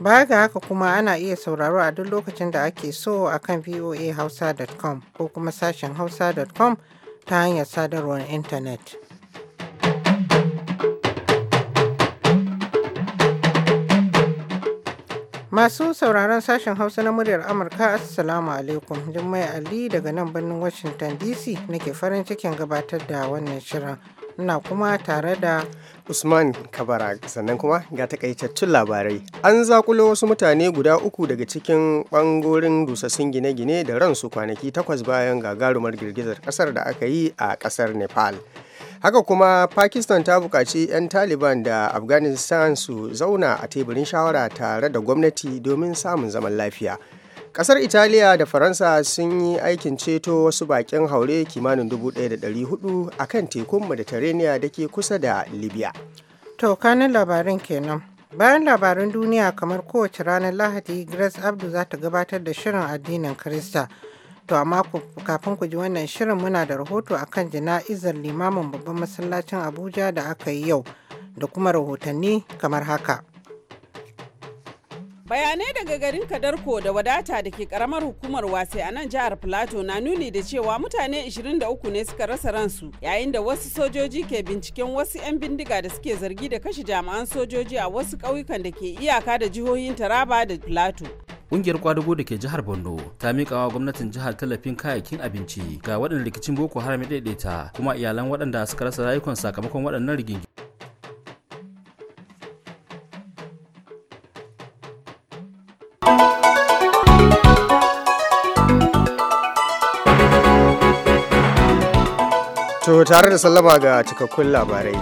Baya ga haka kuma ana iya sauraro a duk lokacin da ake so a kan voahausa.com ko kuma sashen hausa.com ta hanyar sadarwar intanet. Masu sauraron sashen Hausa na muryar Amurka Assalamu alaikum Jummai Ali daga nan birnin Washington DC nake farin cikin gabatar da wannan shirin. ina kuma tare da Usman Kabara sannan kuma ga takaitattun labarai. An zakulo wasu mutane guda uku daga cikin bangorin rusassun gine-gine da ransu kwanaki takwas bayan gagarumar girgizar kasar da aka yi a kasar Nepal. Haka kuma Pakistan ta buƙaci 'yan Taliban da Afghanistan su zauna a teburin shawara tare da gwamnati domin samun zaman lafiya. kasar italiya da faransa sun yi aikin ceto wasu bakin haure kimanin 1,400 a kan tekun mediterranean da ke kusa da libya to kanin labarin kenan bayan labarin duniya kamar kowace ranar lahadi grace abdu za ta gabatar da shirin addinin krista to amma kafin ku ji wannan shirin muna da rahoto akan jana'izar limamin babban masallacin abuja da aka yi yau da kuma rahotanni kamar haka bayanai daga garin kadarko da wadata da ke karamar hukumar wasai a nan jihar plateau na nuni da cewa mutane 23 ne suka rasa ransu yayin da wasu sojoji ke binciken wasu 'yan bindiga da suke zargi da kashe jami'an sojoji a wasu kauyukan da ke iyaka da jihohin taraba da plateau Ƙungiyar kwadugo da ke jihar Borno ta miƙa wa gwamnatin jihar tallafin kayayyakin abinci ga waɗanda rikicin Boko Haram ya daidaita kuma iyalan waɗanda suka rasa rayukan sakamakon waɗannan rigingi. To tare da sallama ga cikakkun labarai.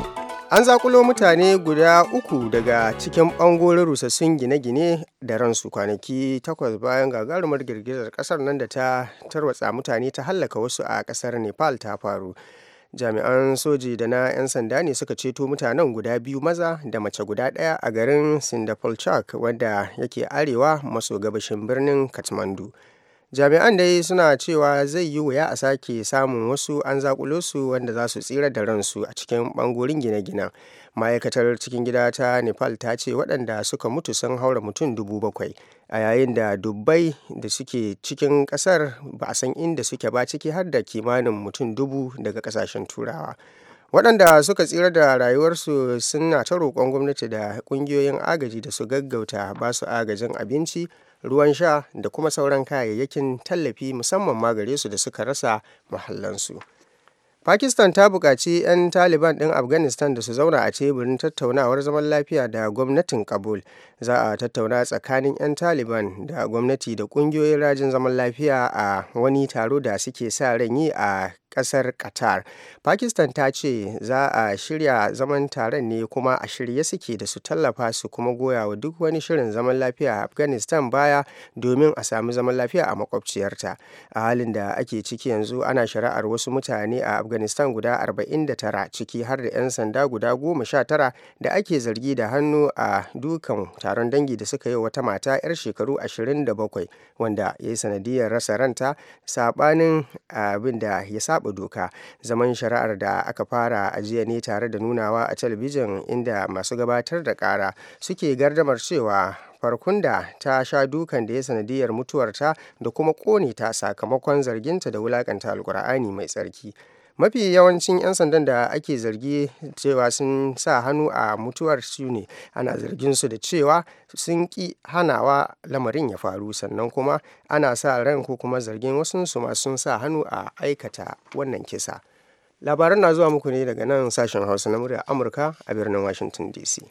An zakulo mutane guda uku daga cikin ɓangoren rusassun gine-gine da ransu kwanaki takwas bayan gagarumar girgizar ƙasar nan da ta tarwatsa mutane ta hallaka wasu a ƙasar Nepal ta faru. jami'an soji da na 'yan sanda ne suka ceto mutanen guda biyu maza da mace guda ɗaya a garin sindapolchak wanda yake arewa maso gabashin birnin kathmandu jami'an dai suna cewa zai yi wuya a sake samun wasu an zakulo su wanda za su tsira da ransu a cikin bangorin gine-ginen ma'aikatar cikin gida ta nepal ta ce waɗanda suka mutu sun haura mutum dubu bakwai a yayin da dubbai da suke cikin ƙasar ba a san inda suke ba ciki har da kimanin mutum dubu daga ƙasashen turawa waɗanda suka tsira da rayuwarsu suna ta roƙon gwamnati da ƙungiyoyin agaji da su gaggauta ba su agajin abinci ruwan sha da kuma sauran kayayyakin tallafi musamman ma gare su da suka rasa mahallansu pakistan ta buƙaci 'yan taliban ɗin afghanistan da su zauna a teburin tattaunawar zaman lafiya da gwamnatin kabul za a tattauna tsakanin 'yan taliban da gwamnati da ƙungiyoyin rajin zaman lafiya a wani taro da suke sa ran yi a kasar qatar pakistan ta ce za a shirya zaman taron ne kuma a shirye suke da su tallafa su kuma goya wa duk wani shirin zaman lafiya a afghanistan baya domin a sami zaman lafiya a makwabciyarta a halin da ake ciki yanzu ana shari'ar wasu mutane a afghanistan guda 49 ciki har da 'yan sanda guda 19 da ake zargi da hannu a dukan taron dangi da suka yi wata mata 'yar shekaru 27 wanda ya yi sanadiyar rasa ranta sabanin abin da ya saba saba doka zaman shari'ar da aka fara ajiya ne tare da nunawa a talabijin inda masu gabatar da ƙara suke gardamar cewa farkunda ta sha dukan da ya sanadiyar mutuwarta da kuma kone ta sakamakon zarginta da wulaƙanta alkur'ani mai tsarki mafi yawancin 'yan sandan da ake zargi cewa sun sa hannu a mutuwar su ne ana zargin su da cewa sun ki hanawa lamarin ya faru sannan kuma ana sa ran ko kuma zargin wasu su ma sun sa hannu a aikata wannan kisa labaran na zuwa muku ne daga nan sashen hausa na murya amurka a birnin washington dc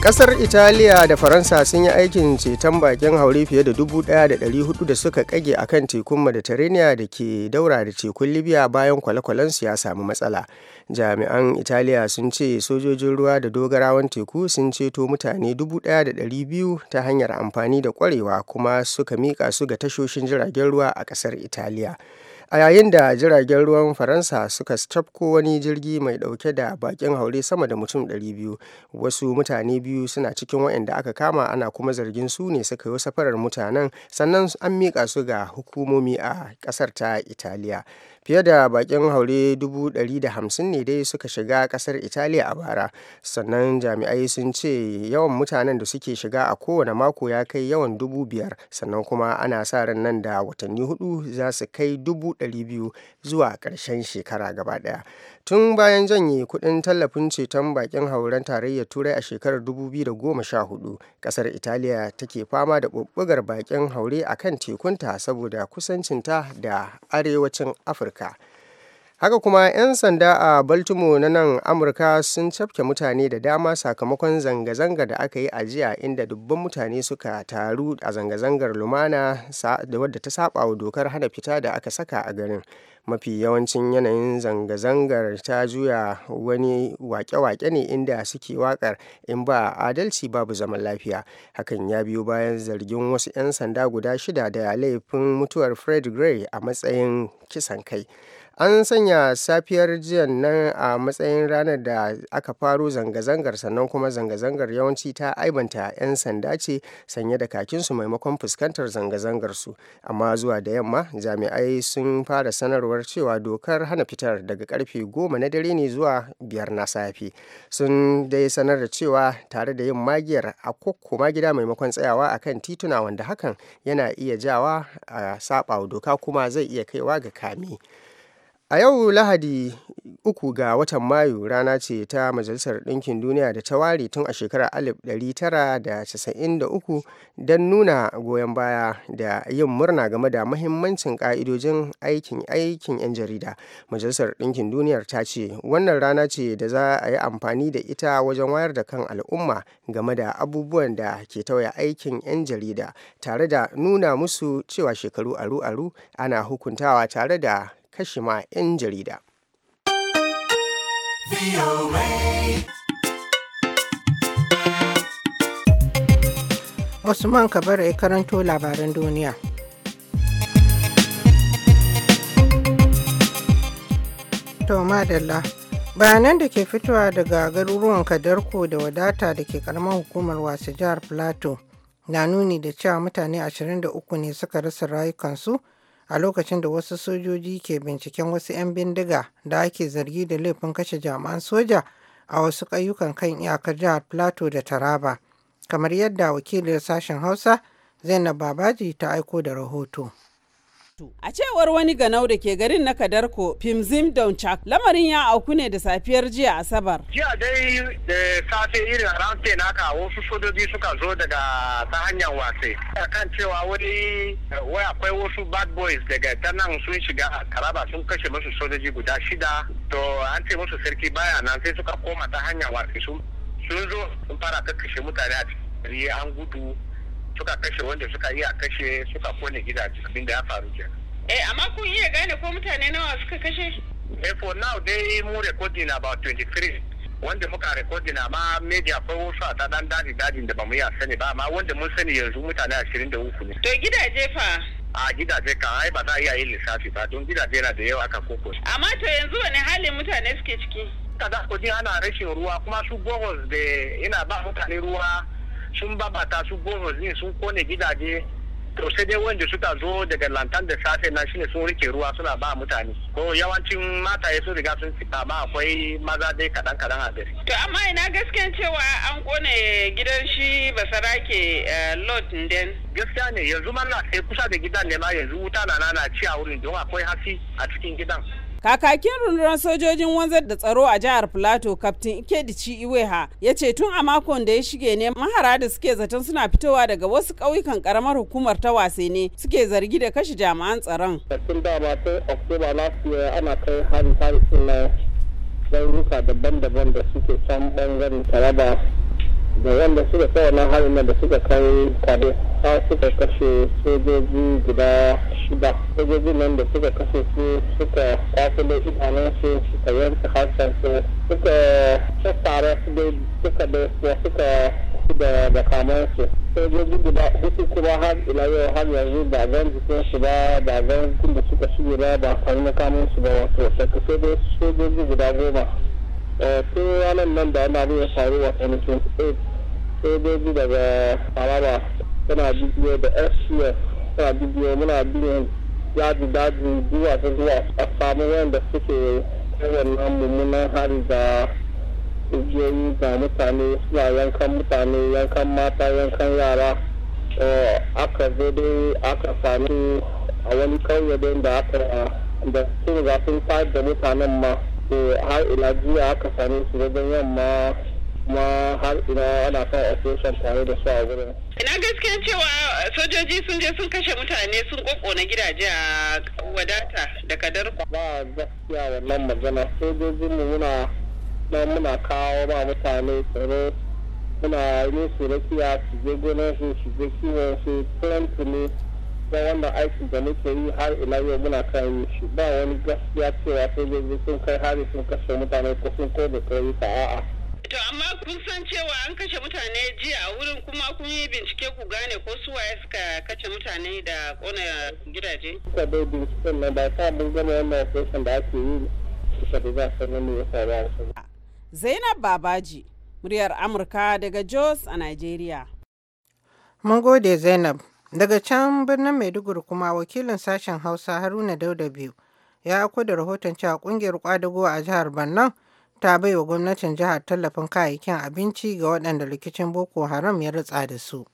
kasar italiya da faransa sun yi aikin ceton bakin hauri fiye da 1,400 da suka kage a kan tekun mediterania da ke daura da tekun libya bayan kwale-kwalensu ya samu matsala jami'an italiya sun ce sojojin ruwa da dogarawan teku sun ceto mutane 1,200 ta hanyar amfani da kwarewa kuma suka mika su ga tashoshin jiragen ruwa a kasar italiya a yayin da jiragen ruwan faransa suka tafko wani jirgi mai dauke da bakin haure sama da mutum 200 wasu mutane biyu suna cikin waɗanda aka kama ana kuma zargin su ne suka yi safarar mutanen sannan an miƙa su ga hukumomi a ƙasar ta italiya fiye da bakin haure 150 ne dai suka shiga kasar italiya a bara sannan jami'ai sun ce yawan mutanen da suke shiga a kowane mako ya kai yawan dubu biyar sannan kuma ana sa ran nan da watanni hudu za su kai dubu biyu zuwa karshen shekara gaba daya tun bayan janye kudin tallafin ceton bakin hauren tarayyar turai a shekarar dubu da goma sha hudu kasar italiya take fama da bubbugar bakin haure a kan tekunta saboda kusancinta da arewacin afirka языка – haka kuma 'yan sanda a baltimore na nan amurka sun cafke mutane da dama sakamakon zanga-zanga da aka yi a jiya inda dubban mutane suka taru a zanga-zangar lumana wadda ta saba wa dokar hana fita da aka saka a garin mafi yawancin yanayin zanga-zangar ta juya wani wake-wake ne inda suke wakar in ba adalci babu zaman lafiya hakan ya biyo bayan zargin wasu 'yan sanda guda shida da laifin mutuwar fred gray a matsayin kisan kai an sanya safiyar jiyan nan a matsayin ranar da aka faro zanga-zangar sannan kuma zanga-zangar yawanci ta aibanta 'yan sanda ce sanye da kakinsu maimakon fuskantar zanga-zangar su amma zuwa da yamma jami'ai sun fara sanarwar cewa dokar hana fitar daga karfe goma na dare ne zuwa biyar na safe sun dai sanar da cewa tare da yin magiyar a kokkoma gida maimakon tsayawa akan tituna wanda hakan yana iya jawa a saba doka kuma zai iya kaiwa ga kame. A yau Lahadi, uku ga watan Mayu rana ce ta Majalisar Ɗinkin Duniya da ta ware tun a shekarar 1993 don nuna goyon baya da yin murna game da mahimmancin ƙa'idojin aikin aikin 'yan jarida. Majalisar Ɗinkin Duniyar ta ce wannan rana ce da za a yi amfani da ita wajen wayar da kan al'umma game da abubuwan da ke tauya aikin 'yan jarida tare da nuna musu cewa shekaru aru-aru ana hukuntawa tare da kashe ma 'yan jarida. Usman Kabara ya karanto labaran duniya. To madalla. Bayanan da ke fitowa daga garuruwan Kadarko da wadata da ke karamar hukumar wasu jihar Plateau na nuni da cewa mutane 23 ne suka rasa rayukansu a lokacin da wasu sojoji ke binciken wasu 'yan bindiga da ake zargi da laifin kashe jami'an soja a wasu ƙayyukan kan iyakar jihar plateau da taraba kamar yadda wakilin sashen hausa zainab babaji ta aiko da rahoto Plateau. A cewar wani ganau da ke garin na Kadarko, Pimzim Donchak, lamarin ya auku ne da safiyar jiya Asabar. Jiya dai da safe irin around naka haka wasu sojoji suka zo daga ta hanyar wasai. Kan cewa wani wai akwai wasu bad boys daga ta nan sun shiga karaba sun kashe musu sojoji guda shida. To an ce musu sarki baya nan sai suka koma ta hanyar wasai sun zo sun fara kakkashe mutane a cikin an gudu suka kashe wanda suka yi a kashe suka kone gidaje abin da ya faru ke eh amma kun iya gane ko mutane nawa suka kashe eh for now dai mu recording about 23 wanda muka recording amma media ko wasu a tadan daji dajin da bamu yi a sani ba amma wanda mun sani yanzu mutane 23 ne to gidaje fa a gidaje kan ai ba za a iya yin lissafi ba don gidaje na da yawa aka koko. Amma to yanzu wani halin mutane suke ciki? Kada kudin ana rashin ruwa kuma su bohos da ina ba mutane ruwa sun babata su goma ne sun kone gidaje to sai dai wanda suka zo daga lantan da safe na shine sun rike ruwa suna ba mutane ko yawancin mataye sun riga sun fita ba akwai maza dai kadan kadan a gari to amma ina gaskiyan cewa an kone gidan shi basarake eh, lot den gaskiya ne yanzu ma na eh, kusa da gidan ne ma yanzu wuta na na ci a wurin don akwai hasi a cikin gidan Kakakin rundunar sojojin wanzar da tsaro a jihar Plateau, Kaftin Ikedici Iweha, ya ce tun a makon da ya shige ne mahara da suke zaton suna fitowa daga wasu ƙauyukan karamar hukumar ta wase ne suke zargi da kashe jami'an tsaron. Oktoba ana kai daban-daban da suke can tare da. da wanda suka sa wannan harin da suka kai kare har suka kashe sojoji guda shida sojoji nan da suka kashe su suka kwasile idanunsu suka yanka harshensu suka tattara su dai duka da suka da da kamansu sojoji guda hudu kuma har ila yau har yanzu ba zan jikin su ba ba zan kun da suka shige ba ba kwanu na kamun su ba wato saka sojoji guda goma. Tun eh, ranar nan da wani abin ya faru wa 2028 sojoji daga taraba suna bibiyo da fcf suna bibiyo muna biyan yaji daji zuwa ta zuwa a samu wanda suke wannan mummunan hari da igiyoyi ga mutane suna yankan mutane yankan mata yankan yara eh, aka zo dai aka sami a wani kauye dai da aka da sun ga sun da mutanen ma eh, har ila jiya aka sami su wajen yamma kuma har ina ana sa operation tare da su a wurin. Ina gaskiya cewa sojoji sun je sun kashe mutane sun na gidaje a wadata da ku. Ba gaskiya wannan magana sojojin mu muna na muna kawo ba mutane tsaro muna yi su rakiya su je gonar su su je kiwon su plenty ne da wannan aikin da muke yi har ina yau muna kan yi shi ba wani gaskiya cewa sojoji sun kai hari sun kashe mutane ko sun kai da kai a'a. To amma kun san cewa an kashe mutane jiya a wurin kuma kun yi bincike ku gane ko su waye suka kashe mutane da kona gidaje. Suka dai binciken na ba sa mun gama wannan session da ake yi suka da za su ne ya faru a Zainab Babaji, muryar Amurka daga Jos a Najeriya. Mun gode Zainab. Daga can birnin Maiduguri kuma wakilin sashen Hausa Haruna Dauda biyu ya ako da rahoton cewa kungiyar kwadago a jihar Bannan ta baiwa gwamnatin jihar tallafin kayayyakin abinci ga waɗanda rikicin Boko Haram ya ritsa da su.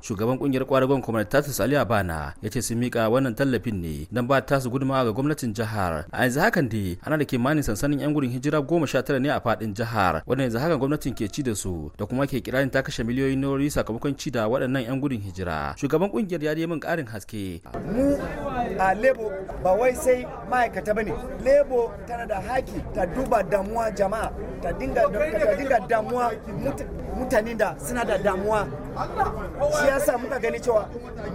shugaban kungiyar kwaragon kwamnati tasu ali abana ya ce sun mika wannan tallafin ne don ba su gudunmawa ga gwamnatin jihar a yanzu hakan dai ana da kimanin sansanin yan gudun hijira goma sha tara ne a fadin jihar wanda yanzu hakan gwamnatin ke ci da su da kuma ke kirarin ta kashe miliyoyin nori sakamakon ci da waɗannan yan gudun hijira shugaban kungiyar ya yi min ƙarin haske mu a lebo ba wai sai ma'aikata ba ne lebo tana da haki ta duba damuwa jama'a ta dinga damuwa mutane da suna da damuwa shi yasa muka gani cewa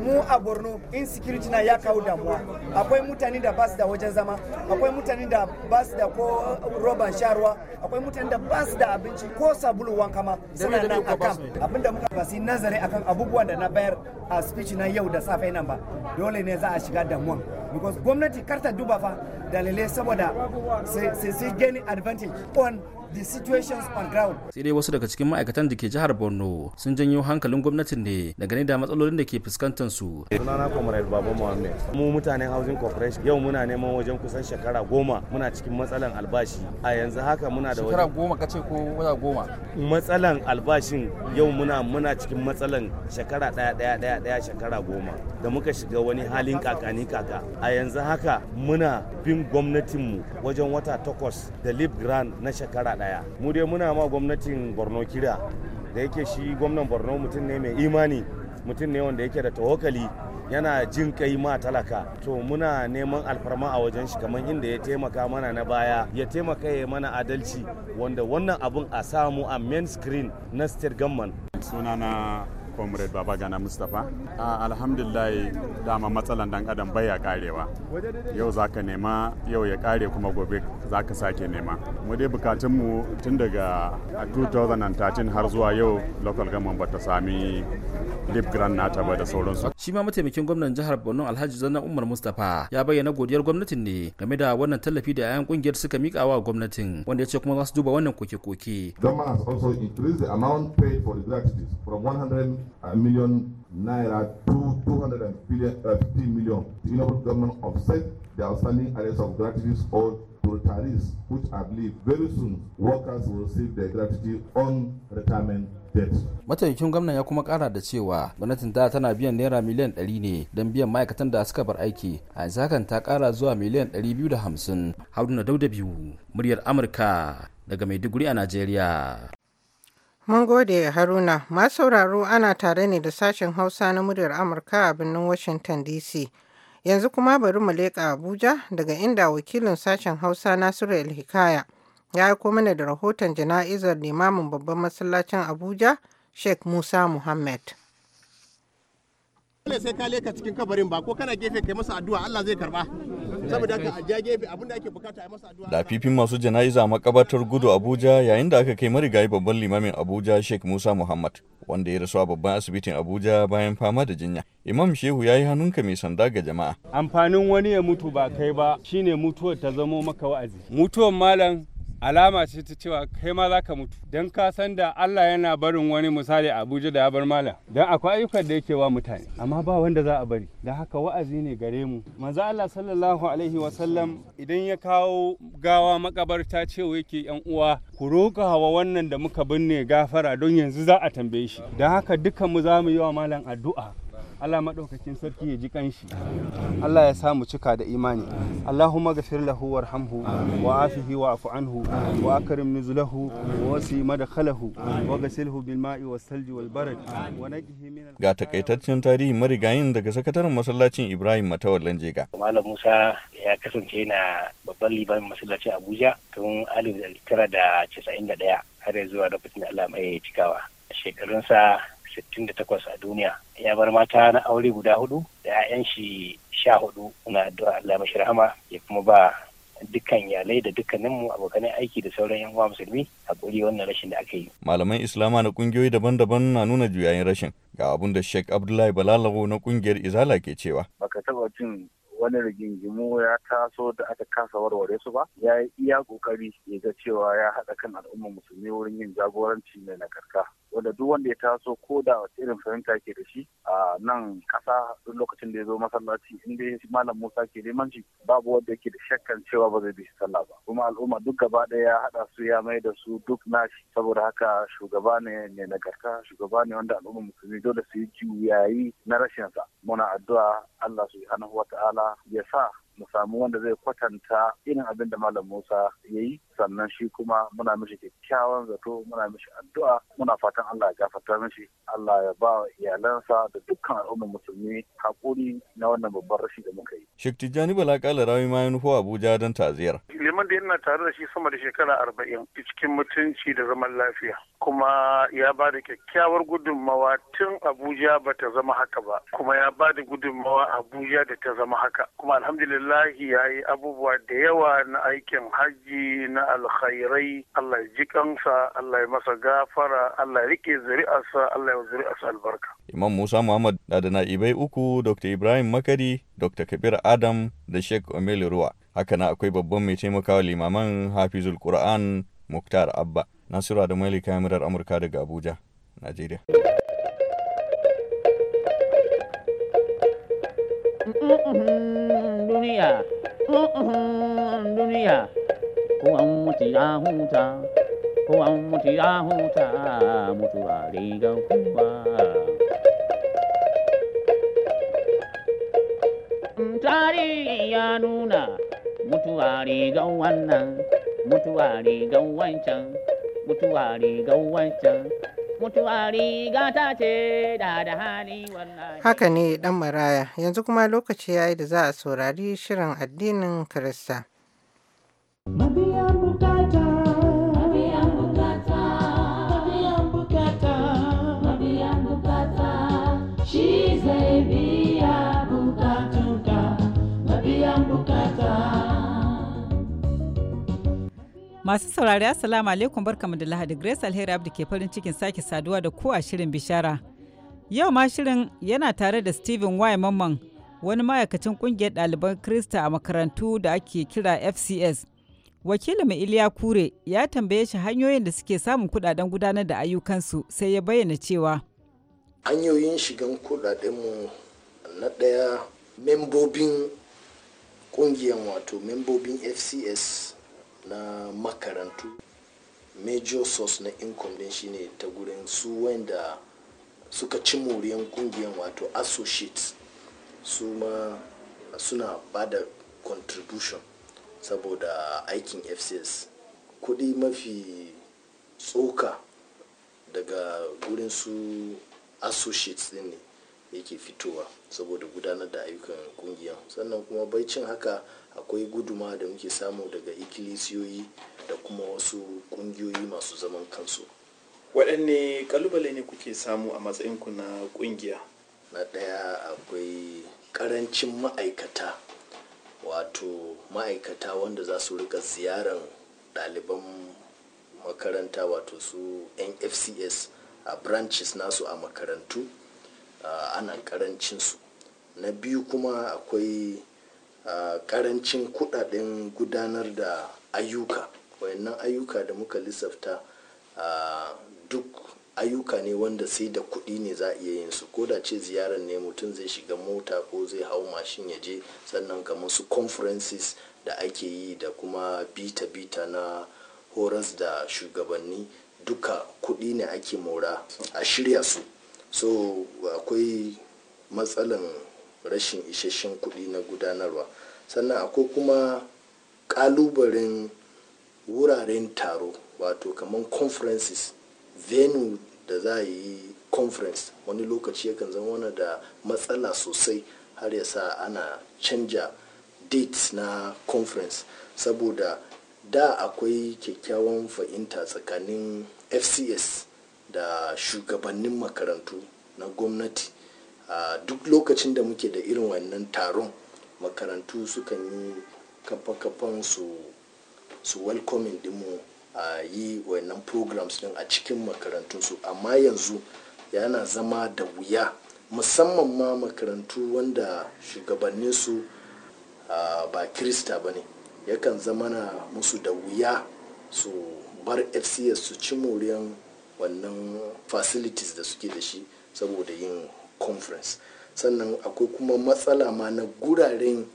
mu a borno insecurity na ya kawo damuwa akwai mutane da ba su da wajen zama akwai mutane da ba da ko roban sharuwa akwai mutane da ba da abinci ko sabulu wanka ma suna nan akan abinda muka nazari akan abubuwan da na bayar a speech na yau da safe nan ba dole ne za a shiga damuwa because gwamnati karta duba fa dalilai saboda sai gani advantage on the situations on ground. Sai dai wasu daga cikin ma'aikatan da ke jihar Borno sun janyo hankalin gwamnatin ne da gani da matsalolin da ke fuskantar su. Sunana Comrade Baba Muhammed. Mu mutanen Housing Corporation yau muna neman wajen kusan shekara goma muna cikin matsalan albashi. A yanzu haka muna da shekara goma kace ko wata goma. Matsalan albashin yau muna muna cikin matsalan shekara daya daya daya daya shekara goma da muka shiga wani halin kakani kaka. A yanzu haka muna bin gwamnatinmu wajen wata takwas da Lib Grand na shekara ɗaya mu dai muna ma gwamnatin borno kira da yake shi gwamnan borno mutum ne mai imani mutum ne wanda yake da tawakali yana jin kai ma talaka to muna neman alfarma a wajen shi kamar inda ya taimaka mana na baya ya taimaka ya mana adalci wanda wannan abun a samu a main screen na state government sunana comrade baba gana mustapha alhamdulillah dama matsalan dan adam ya karewa yau za ka nema yau ya kare kuma gobe za ka sake nema mu dai bukatunmu tun daga 2013 har zuwa yau local government ba ta sami deep grant nata ba da sauransu shi ma mataimakin gwamnan jihar borno alhaji zanna umar mustapha ya bayyana godiyar gwamnatin ne game da wannan tallafi da 'ya'yan kungiyar suka mika wa gwamnatin wanda ya ce kuma za su duba wannan koke-koke. Government has also increased the amount paid for the from 100 a million naira to 250 uh, million. The United government offset the outstanding areas of gratuities owed to retirees, which I believe very soon workers will receive their gratuity on retirement mataimakin gwamnan ya kuma kara da cewa gwamnatin da tana biyan naira miliyan 100 ne don biyan ma'aikatan da suka bar aiki a yanzu hakan ta kara zuwa miliyan 250 haruna dauda biyu muryar amurka daga maiduguri a najeriya Mun gode Haruna, masu sauraro ana tare ne da sashen Hausa na muryar Amurka a birnin Washington DC. Yanzu kuma bari mu leƙa Abuja daga inda wakilin sashen Hausa Nasiru El-Hikaya ya aiko mana da rahoton jana'izar limamin babban masallacin Abuja, Sheikh Musa Muhammad. Dole sai ka leka cikin kabarin ba ko kana gefe kai masa addu'a Allah zai karba. saboda haka da ake bukata a fifin masu jana'iza makabatar gudu Abuja yayin da aka kai marigayi babban limamin Abuja Sheikh Musa Muhammad wanda ya rasu a babban asibitin Abuja bayan fama da jinya Imam Shehu ya yi hannunka mai sanda ga jama'a amfanin wani ya mutu ba kai ba shine mutuwar ta zamo maka wa'azi mutuwar malam alama ce ta cewa kai ma za ka mutu don ka san da Allah yana barin wani misali a Abuja da ya bar mala don akwai ayyukan da yake wa mutane amma ba wanda za a bari da haka wa'azi ne gare mu manzo Allah sallallahu alaihi wasallam idan ya kawo gawa makabarta cewa yake yan uwa ku roƙa wa wannan da muka binne gafara don yanzu za a tambaye shi da haka dukkan mu za mu yi wa malam addu'a Allah maɗaukakin sarki ya ji kanshi Allah ya samu cika da imani Allahumma gafir lahu warhamhu wa afihi wa afu anhu wa akrim nuzulahu wa wasi madkhalahu wa ghasilhu bil ma'i was salji wa najihi min ga takaitaccen tarihi marigayin daga sakataren masallacin Ibrahim Matawallan Jega Malam Musa ya kasance na babban liban masallacin Abuja tun tara 1991 har zuwa lokacin Allah mai cikawa shekarunsa 68 a duniya ya bar mata na aure guda hudu da 'ya'yan shi sha hudu na addu'a Allah mashi rahama ya kuma ba dukkan yalai da dukkaninmu abokan aiki da sauran yan uwa musulmi a hakuri wannan rashin da aka yi. Malaman Islama na kungiyoyi daban-daban na nuna juyayin rashin ga abun da Sheikh Abdullahi Balalawo na kungiyar Izala ke cewa. Baka taba jin wani rigingimu ya taso da aka kasa warware su ba ya yi iya kokari ya ga cewa ya haɗa kan al'ummar musulmi wurin yin jagoranci mai nagarta wanda duk wanda ya taso ko da irin fahimta ke da shi a nan kasa duk lokacin da ya zo masallaci in dai malam Musa ke neman shi babu wanda yake da shakkan cewa ba zai bi sallah ba kuma al'umma duk gaba ɗaya ya haɗa su ya mai da su duk nashi saboda haka shugaba ne mai nagarta shugaba ne wanda al'ummar musulmi dole su yi juyayi na rashin sa muna addu'a Allah subhanahu wa ta'ala ya sa mu samu wanda zai kwatanta irin abin da Malam Musa ya yi sannan shi kuma muna mishi kyakkyawan zato muna mishi addu'a muna fatan Allah ya gafarta mishi Allah ya ba iyalansa da dukkan al'ummar musulmi hakuri na wannan babban rashi da muka yi. Sheikh Jani Bala kala rawi ma yanufo Abuja don ziyar Liman da yana tare da shi sama da shekara arba'in cikin mutunci da zaman lafiya kuma ya ba da kyakkyawar gudunmawa tun Abuja ba ta zama haka ba kuma ya ba da gudunmawa Abuja da ta zama haka. Kuma alhamdulillahi ya yi abubuwa da yawa na aikin hajji na alkhairai Allah ji kansa Allah ya masa gafara Allah ya rike zuri'arsa Allah ya zuri'arsa albarka. Imam Musa Muhammad da da na'ibai uku Dr. Ibrahim Makari Dr. Kabir Adam da Sheikh omele Ruwa. Haka na akwai babban mai taimakawa limaman Hafizul Qur'an Muktar Abba. Nasiru adamali Maili kamarar Amurka daga Abuja, Najeriya. mutu ya huta mutu ya mm, nuna wancan wancan mutuwa ce da da Haka ne dan maraya yanzu kuma lokaci yayi da za a saurari shirin addinin Kirista. Masu saurari Assalamu alaikum barkamu da Lahadi Grace Alheri Abdi ke farin cikin sake saduwa da ku a shirin bishara. Yau ma shirin yana tare da Stephen Y. Mamman wani ma'aikacin kungiyar ɗaliban Krista a makarantu da ake kira FCS. Wakilin mai Iliya Kure ya tambaye shi hanyoyin da suke samun kudaden gudanar da ayyukansu sai ya bayyana cewa. Hanyoyin shigan kudadenmu na ɗaya membobin kungiyar wato membobin FCS na makarantu major source na income din shine ta gurin su wanda suka ci muriyan kungiyan wato associates su ma suna ba da contribution saboda aikin fcs kudi mafi tsoka daga gurin su associates din ne yake fitowa saboda gudanar da ayyukan kungiyan sannan kuma baicin haka akwai guduma da muke samu daga ikilisiyoyi da kuma wasu kungiyoyi masu zaman kansu waɗanne kalubale ne kuke samu a matsayinku na kungiya na ɗaya akwai ƙarancin ma'aikata wato ma'aikata wanda za su rika ziyarar ɗaliban makaranta wato su nfcs a branches nasu a makarantu ana ƙarancinsu su na biyu kuma akwai karancin kudaden gudanar da ayyuka wayannan ayyuka da muka lissafta duk ayyuka ne wanda sai da kuɗi ne za a iya yin su ko da ce ziyarar ne mutum zai shiga mota ko zai hau mashin ya je sannan kamar su conferences da ake yi da kuma bita-bita na horas da shugabanni duka kuɗi ne ake mora a shirya su so akwai matsalan rashin isasshen kuɗi na gudanarwa sannan akwai kuma ƙalubalen wuraren taro wato kamar conferences venue da za a yi conference wani lokaci yakan zama wani da matsala sosai har ya sa ana canja dates na conference saboda da akwai kyakkyawan fahimta tsakanin fcs da shugabannin makarantu na gwamnati duk lokacin da muke da irin wannan taron makarantu sukan yi kafa-kafan su su welcoming dinmu a yi wannan programs din a cikin makarantunsu amma yanzu yana zama da wuya musamman ma makarantu wanda shugabanninsu ba kirista ba ne yakan zama na musu da wuya su bar fcs su ci moriyan wannan facilities da suke da shi saboda yin conference sannan akwai kuma matsala ma na guraren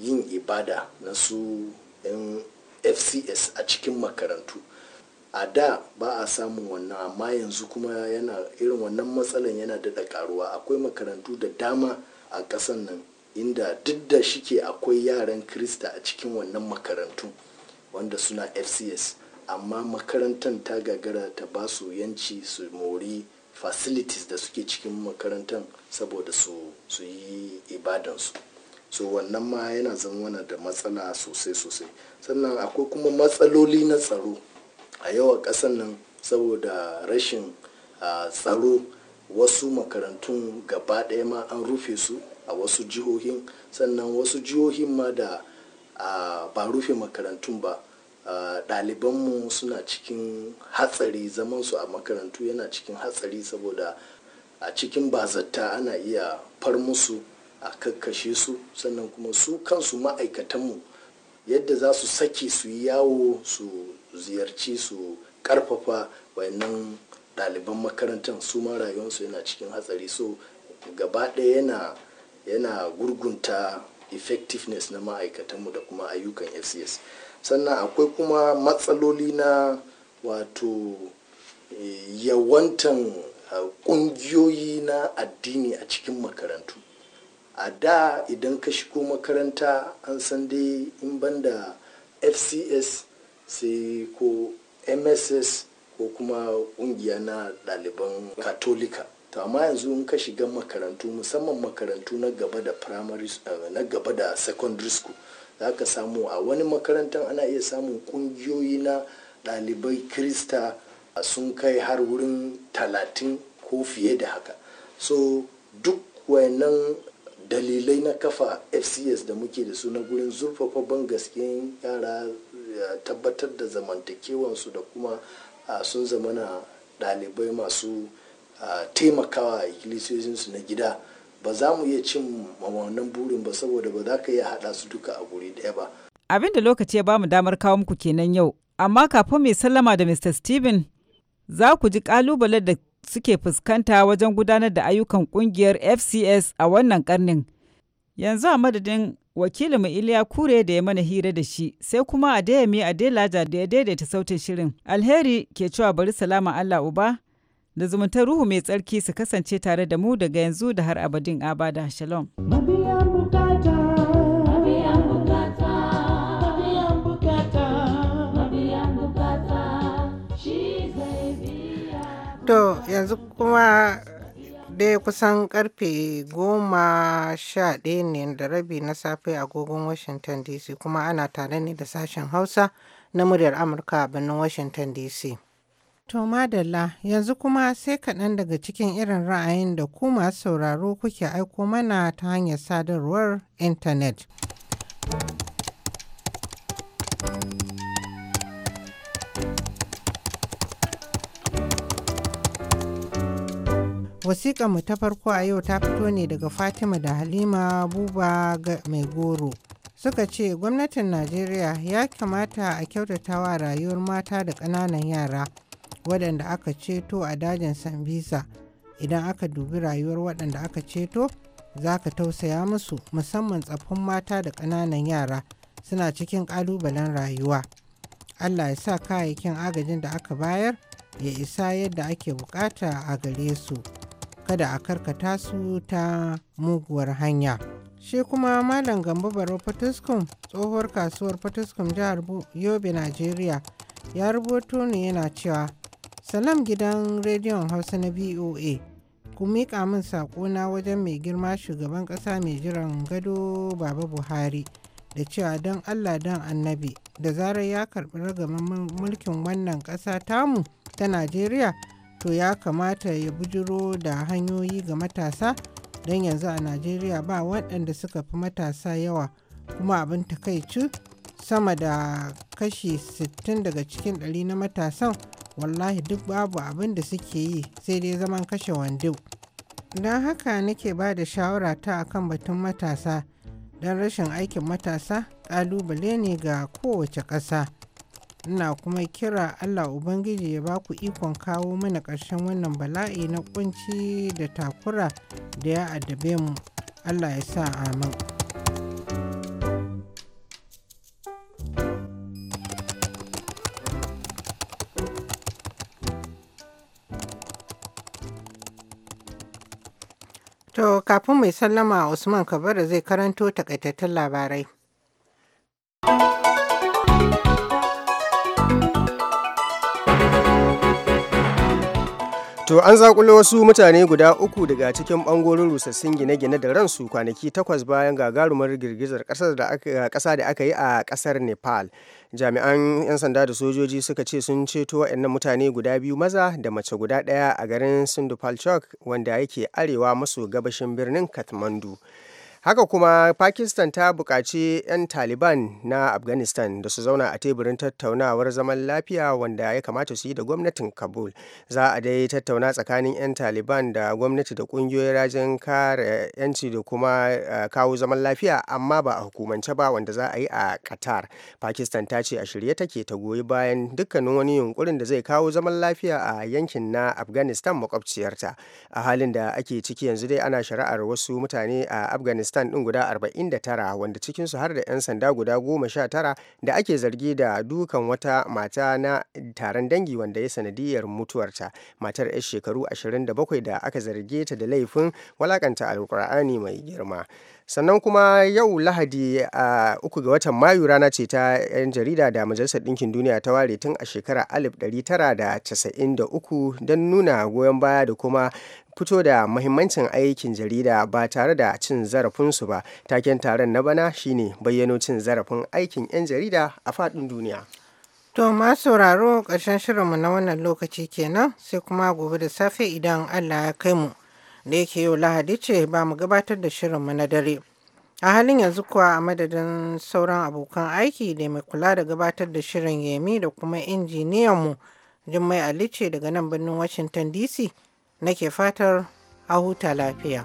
yin ibada na su 'yan fcs a cikin makarantu a da ba a samun wannan amma yanzu kuma yana irin wannan matsalan yana daɗa karuwa akwai makarantu da dama a ƙasan nan inda duk da shike akwai yaran krista a cikin wannan makarantu wanda suna fcs amma makarantar ta gagara ta ba su yanci su mori facilities da suke cikin makarantar saboda su yi ibadansu so wannan ma yana zama da matsala sosai sosai sannan akwai kuma matsaloli na tsaro a yawa ƙasan nan saboda rashin tsaro wasu makarantun gaba ɗaya ma an rufe su a wasu jihohin sannan wasu jihohin ma da ba rufe makarantun ba ɗalibanmu suna cikin hatsari zaman su a makarantu yana cikin hatsari saboda a cikin bazatta ana iya far musu a kakkashe su sannan kuma su kansu ma'aikatanmu yadda za su sake su yi yawo su ziyarci su karfafa wayannan ɗaliban makarantar su ma rayuwarsu yana cikin hatsari so gaba ɗaya yana yana gurgunta effectiveness na ma'aikatanmu da kuma ayyukan fcs sannan akwai kuma matsaloli na wato eh, yawantan kungiyoyi ah, na addini a cikin makarantu a da idan ka shigo makaranta an san dai in banda fcs sai ko mss ko kuma kungiya na ɗaliban katolika to amma yanzu in ka shiga makarantu musamman makarantu na gaba da primary eh, na gaba da secondary school za ka samu a wani makarantar ana iya samun kungiyoyi na ɗalibai krista sun kai har wurin talatin ko fiye da haka so duk wayannan dalilai na kafa fcs da muke da su na gurin zurfafa ban gaske yara tabbatar da zamantakewansu da kuma sun zamana ɗalibai masu taimakawa a ikilisiyoyinsu na gida ba za mu iya cin wannan burin ba saboda ba za ka iya haɗa su duka a guri ɗaya ba. Abin da lokaci ya bamu damar kawo muku kenan yau, amma kafin mai sallama da Mr. Steven za ku ji ƙalubalen da suke fuskanta wajen gudanar da ayyukan ƙungiyar FCS a wannan ƙarnin. Yanzu a madadin wakilin wakilinmu Iliya Kure da ya mana hira da shi sai kuma a Adeyemi Adelaja da ya daidaita sautin shirin. Alheri ke cewa bari salama Allah Uba. da zumuntar ruhu mai tsarki su kasance tare da mu daga yanzu da har abadin abada shalom to yanzu kuma dai kusan karfe goma sha ɗaya ne da rabi na safe agogon washington dc kuma ana tare ne da sashen hausa na muryar amurka a birnin washington dc To madalla yanzu kuma sai kaɗan daga cikin irin ra'ayin da ku masu sauraro kuke aiko mana ta hanyar sadarwar intanet. mu ta farko a yau ta fito ne daga Fatima da Halima Buba mai goro. Suka ce gwamnatin Najeriya ya kamata a kyautatawa rayuwar mata da ƙananan yara. waɗanda aka ceto a dajin san visa idan aka dubi rayuwar waɗanda aka ceto za ka tausaya musu musamman tsaffin mata da ƙananan yara suna cikin ƙalubalen rayuwa allah ya sa kayayyakin agajin da aka bayar ya isa yadda ake bukata a gare su kada a karkata su ta muguwar hanya shi kuma malam gambo baro fatuskum tsohuwar kasuwar fatuskum jihar yobe nigeria ya rubuto ne yana cewa Salam gidan rediyon Hausa na BOA. Ku miƙa min saƙo na wajen mai girma shugaban ƙasa mai jiran gado Baba Buhari da cewa don Allah don annabi da zarar ya karɓi ragaman mulkin wannan ƙasa tamu ta Najeriya to ya kamata ya bujiro da hanyoyi ga matasa don yanzu a Najeriya ba waɗanda suka fi matasa yawa kuma abin takaici sama da kashi 60 daga cikin ɗari na matasan wallahi duk babu abin da suke yi sai dai zaman kashe wando don haka nake ba da shawara ta akan batun matasa don rashin aikin matasa ƙalubale ne ga kowace ƙasa ina kuma kira allah ubangiji ya baku ikon kawo mana ƙarshen wannan bala'i na kunci da takura da ya addabe mu allah ya sa amin. kafin mai sallama Usman Kabara zai karanto takaitattun labarai. To an zakulo wasu mutane guda uku daga cikin bangorin rusassun gine-gine da ransu kwanaki takwas bayan gagarumar girgizar ƙasa da aka yi a ƙasar Nepal. Jami'an 'yan sanda da sojoji suka ce sun ceto waɗannan mutane guda biyu maza da mace guda ɗaya a garin Sindupalchok wanda yake arewa maso gabashin birnin Kathmandu. haka kuma pakistan ta buƙaci 'yan taliban na afghanistan da su zauna a teburin tattaunawar zaman lafiya wanda ya kamata su yi da gwamnatin kabul za a dai tattauna tsakanin 'yan taliban da gwamnati da ƙungiyoyin rajin kare 'yanci da kuma eh, kawo zaman lafiya amma ba a hukumance ba wanda za a yi a qatar pakistan ta ce a shirye take ta goyi bayan dukkanin wani yunkurin da zai kawo zaman lafiya a yankin na afghanistan makwabciyarta a halin da ake ciki yanzu dai ana shari'ar wasu mutane a afghanistan pakistan ɗin guda 49 wanda cikinsu har da 'yan sanda guda 19 da ake zargi da dukan wata mata na taron dangi wanda ya sanadiyar mutuwarta matar 'yar shekaru 27 da aka zarge ta da laifin walakanta alkur'ani mai girma sannan kuma yau lahadi a uku ga watan mayu rana ce ta 'yan jarida da majalisar ɗinkin duniya ta ware tun a shekarar 1993 don nuna goyon baya da kuma fito da muhimmancin aikin jarida ba tare da cin zarafinsu ba taken taron na bana shine bayyano cin zarafin aikin 'yan jarida a faɗin duniya to ma sauraro ƙarshen shirinmu na wannan lokaci kenan sai kuma gobe da safe idan allah ya kai mu da yake yau lahadi ce ba mu gabatar da shirinmu na dare a halin yanzu kuwa a madadin sauran abokan aiki da mai kula da gabatar da shirin yemi da kuma injiniyanmu jummai ali ce daga nan birnin washington dc nake fatar a huta lafiya.